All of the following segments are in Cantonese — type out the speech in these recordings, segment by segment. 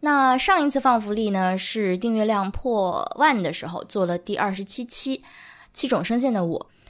那上一次放福利呢，是訂閱量破萬的時候，做了第二十七期，七種聲線的我。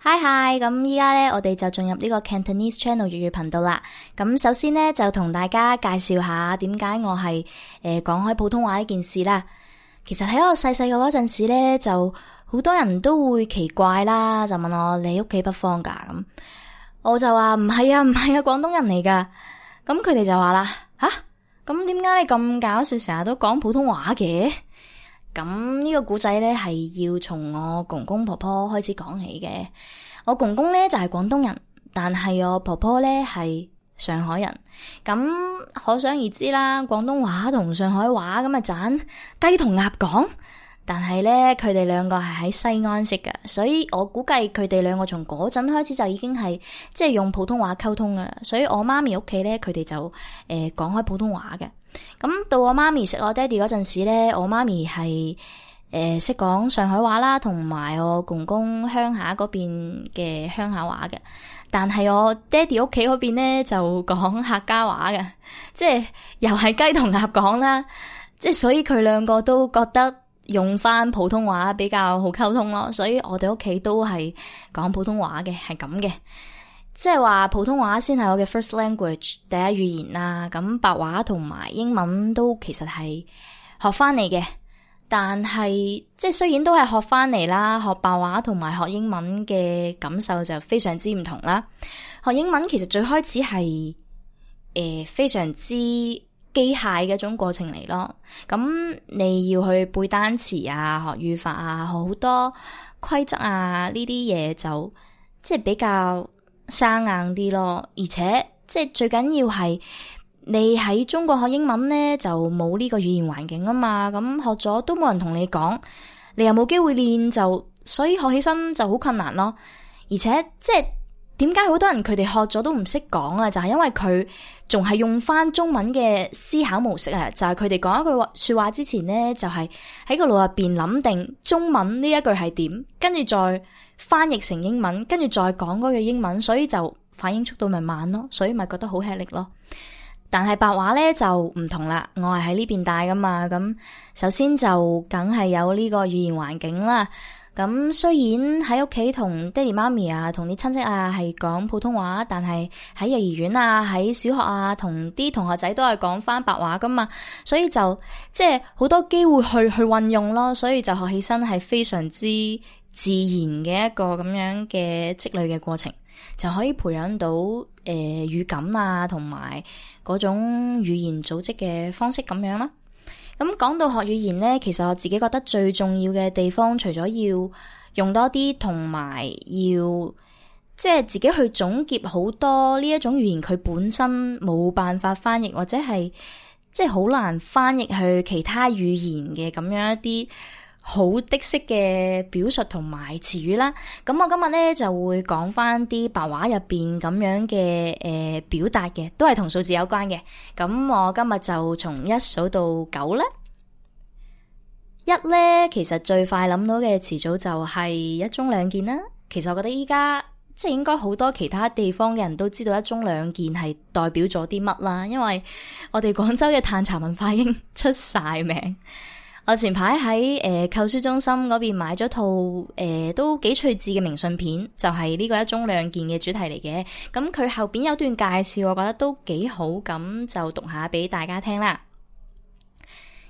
嗨嗨，hi！咁依家咧，我哋就進入呢個 Cantonese Channel 粵語頻道啦。咁首先咧，就同大家介紹下點解我係誒、呃、講開普通話呢件事啦。其實喺我細細個嗰陣時咧，就好多人都會奇怪啦，就問我：你屋企北方㗎？咁我就話唔係啊，唔係啊，廣東人嚟㗎。咁佢哋就話啦：吓、啊？咁點解你咁搞笑，成日都講普通話嘅？咁、這個、呢個古仔咧係要從我公公婆婆、婆開始講起嘅。我公公咧就係、是、廣東人，但係我婆婆咧係上海人。咁可想而知啦，廣東話同上海話咁啊盞雞同鴨講。但係咧，佢哋兩個係喺西安識噶，所以我估計佢哋兩個從嗰陣開始就已經係即係用普通話溝通噶啦。所以我媽咪屋企咧，佢哋就誒講、呃、開普通話嘅。咁到我媽咪識我爹哋嗰陣時咧，我媽咪係誒識講上海話啦，同埋我公公鄉下嗰邊嘅鄉下話嘅，但係我爹哋屋企嗰邊咧就講客家話嘅，即係又係雞同鴨講啦，即係所以佢兩個都覺得用翻普通話比較好溝通咯，所以我哋屋企都係講普通話嘅，係咁嘅。即係話普通話先係我嘅 first language 第一語言啦。咁白話同埋英文都其實係學翻嚟嘅，但係即係雖然都係學翻嚟啦，學白話同埋學英文嘅感受就非常之唔同啦。學英文其實最開始係誒、呃、非常之機械嘅一種過程嚟咯。咁你要去背單詞啊，學語法啊，好多規則啊呢啲嘢就即係比較。生硬啲咯，而且即係最緊要係你喺中國學英文咧，就冇呢個語言環境啊嘛，咁學咗都冇人同你講，你又冇機會練就，所以學起身就好困難咯，而且即係。點解好多人佢哋學咗都唔識講啊？就係因為佢仲係用翻中文嘅思考模式啊！就係佢哋講一句話說話之前呢，就係喺個腦入邊諗定中文呢一句係點，跟住再翻譯成英文，跟住再講嗰句英文，所以就反應速度咪慢咯，所以咪覺得好吃力咯。但係白話咧就唔同啦，我係喺呢邊帶噶嘛，咁首先就梗係有呢個語言環境啦。咁雖然喺屋企同爹哋媽咪啊，同啲親戚啊係講普通話，但係喺幼兒園啊，喺小學啊，同啲同學仔都係講翻白話噶嘛，所以就即係好多機會去去運用咯，所以就學起身係非常之自然嘅一個咁樣嘅積累嘅過程，就可以培養到誒、呃、語感啊，同埋嗰種語言組織嘅方式咁樣啦。咁講到學語言咧，其實我自己覺得最重要嘅地方，除咗要用多啲，同埋要即係自己去總結好多，呢一種語言佢本身冇辦法翻譯，或者係即係好難翻譯去其他語言嘅咁樣一啲。好的式嘅表述同埋詞語啦，咁我今日呢，就會講翻啲白話入邊咁樣嘅誒、呃、表達嘅，都係同數字有關嘅。咁我今日就從一數到九啦。一呢，其實最快諗到嘅詞組就係一盅兩件啦。其實我覺得依家即係應該好多其他地方嘅人都知道一盅兩件係代表咗啲乜啦，因為我哋廣州嘅歎茶文化已經出晒名。我前排喺誒購書中心嗰邊買咗套誒、呃、都幾趣致嘅明信片，就係、是、呢個一盅兩件嘅主題嚟嘅。咁佢後邊有段介紹，我覺得都幾好，咁就讀下俾大家聽啦。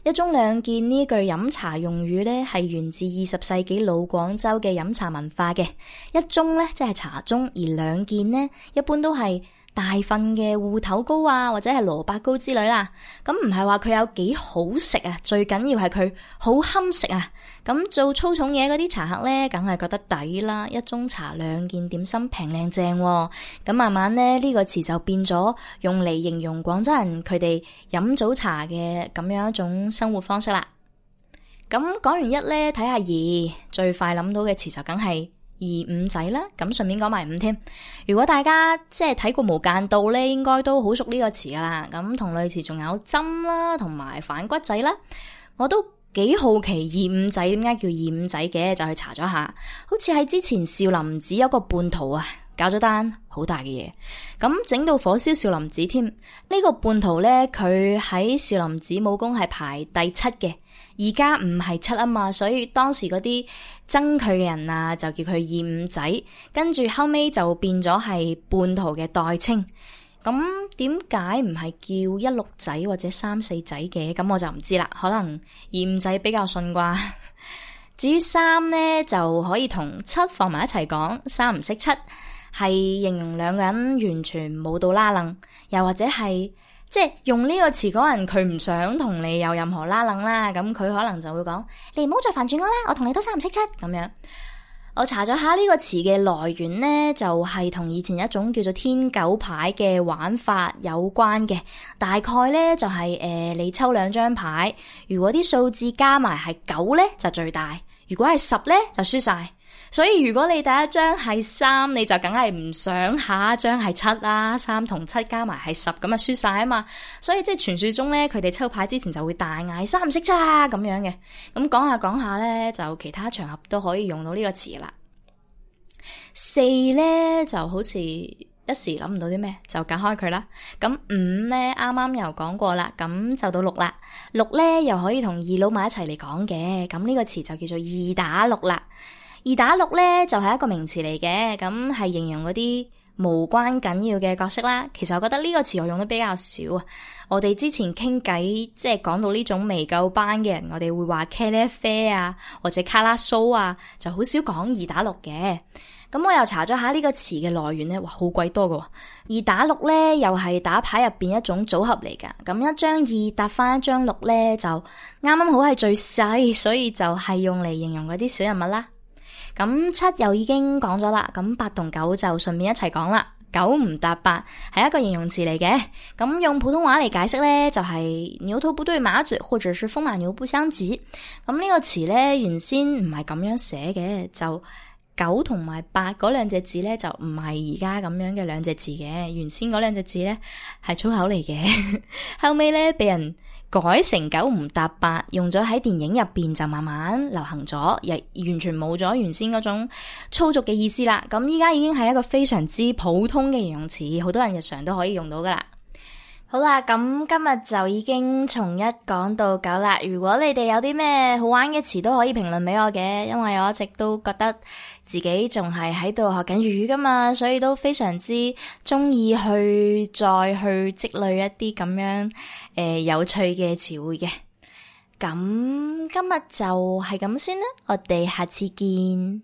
一盅兩件呢句飲茶用語呢，係源自二十世紀老廣州嘅飲茶文化嘅。一盅呢，即係茶盅，而兩件呢，一般都係。大份嘅芋頭糕啊，或者係蘿蔔糕之類啦，咁唔係話佢有幾好食啊，最緊要係佢好堪食啊。咁做粗重嘢嗰啲茶客咧，梗係覺得抵啦，一盅茶兩件點心，啊，平靚正。咁慢慢咧，呢，呢個詞就變咗用嚟形容廣州人佢哋飲早茶嘅咁樣一種生活方式啦。咁講完一咧，睇下二，最快諗到嘅詞就梗係。二五仔啦，咁順便講埋五添。如果大家即係睇過無間道咧，應該都好熟呢個詞噶啦。咁同類詞仲有針啦，同埋反骨仔啦。我都幾好奇二五仔點解叫二五仔嘅，就去查咗下，好似喺之前少林寺有個叛徒啊，搞咗單好大嘅嘢，咁整到火燒少林寺添。呢個叛徒咧，佢喺少林寺武功係排第七嘅。而家唔係七啊嘛，所以當時嗰啲憎佢嘅人啊，就叫佢二五仔，跟住後尾就變咗係叛徒嘅代稱。咁點解唔係叫一六仔或者三四仔嘅？咁我就唔知啦。可能二五仔比較順啩。 至於三呢，就可以同七放埋一齊講，三唔識七，係形容兩個人完全冇到拉掕，又或者係。即係用呢個詞嗰人，佢唔想同你有任何拉楞啦，咁佢可能就會講：，你唔好再煩住我啦，我同你都三唔識七。咁樣，我查咗下呢個詞嘅來源呢，就係、是、同以前一種叫做天九牌嘅玩法有關嘅，大概呢，就係、是、誒、呃，你抽兩張牌，如果啲數字加埋係九呢，就最大，如果係十呢，就輸晒。所以如果你第一張係三，你就梗係唔想下一張係七啦，三同七加埋係十咁啊，輸晒啊嘛。所以即係傳說中咧，佢哋抽牌之前就會大嗌三唔識七啦咁樣嘅。咁講下講下咧，就其他場合都可以用到呢個詞啦。四咧就好似一時諗唔到啲咩，就揀開佢啦。咁五咧啱啱又講過啦，咁就到六啦。六咧又可以同二佬埋一齊嚟講嘅，咁呢個詞就叫做二打六啦。二打六咧就係、是、一個名詞嚟嘅，咁、嗯、係形容嗰啲無關緊要嘅角色啦。其實我覺得呢個詞我用得比較少啊。我哋之前傾偈即係講到呢種未夠班嘅人，我哋會話茄喱啡啊或者卡拉蘇啊，就好少講二打六嘅。咁、嗯、我又查咗下呢個詞嘅來源咧，哇，好鬼多噶。二打六咧又係打牌入邊一種組合嚟噶，咁、嗯、一張二搭翻一張六咧就啱啱好係最細，所以就係用嚟形容嗰啲小人物啦。咁七又已經講咗啦，咁八同九就順便一齊講啦。九唔搭八係一個形容詞嚟嘅，咁、嗯、用普通話嚟解釋咧就係牛頭不對馬嘴，或者說風馬牛不相及。咁、嗯、呢、呢個詞咧原先唔係咁樣寫嘅，就九同埋八嗰兩隻字咧就唔係而家咁樣嘅兩隻字嘅，原先嗰兩隻字咧係粗口嚟嘅， 後尾咧俾人。改成九唔搭八，用咗喺電影入邊就慢慢流行咗，亦完全冇咗原先嗰種粗俗嘅意思啦。咁而家已經係一個非常之普通嘅形容詞，好多人日常都可以用到噶啦。好啦，咁今日就已經從一講到九啦。如果你哋有啲咩好玩嘅詞都可以評論俾我嘅，因為我一直都覺得自己仲係喺度學緊粵語噶嘛，所以都非常之中意去再去積累一啲咁樣，誒、呃、有趣嘅詞彙嘅。咁今日就係咁先啦，我哋下次見。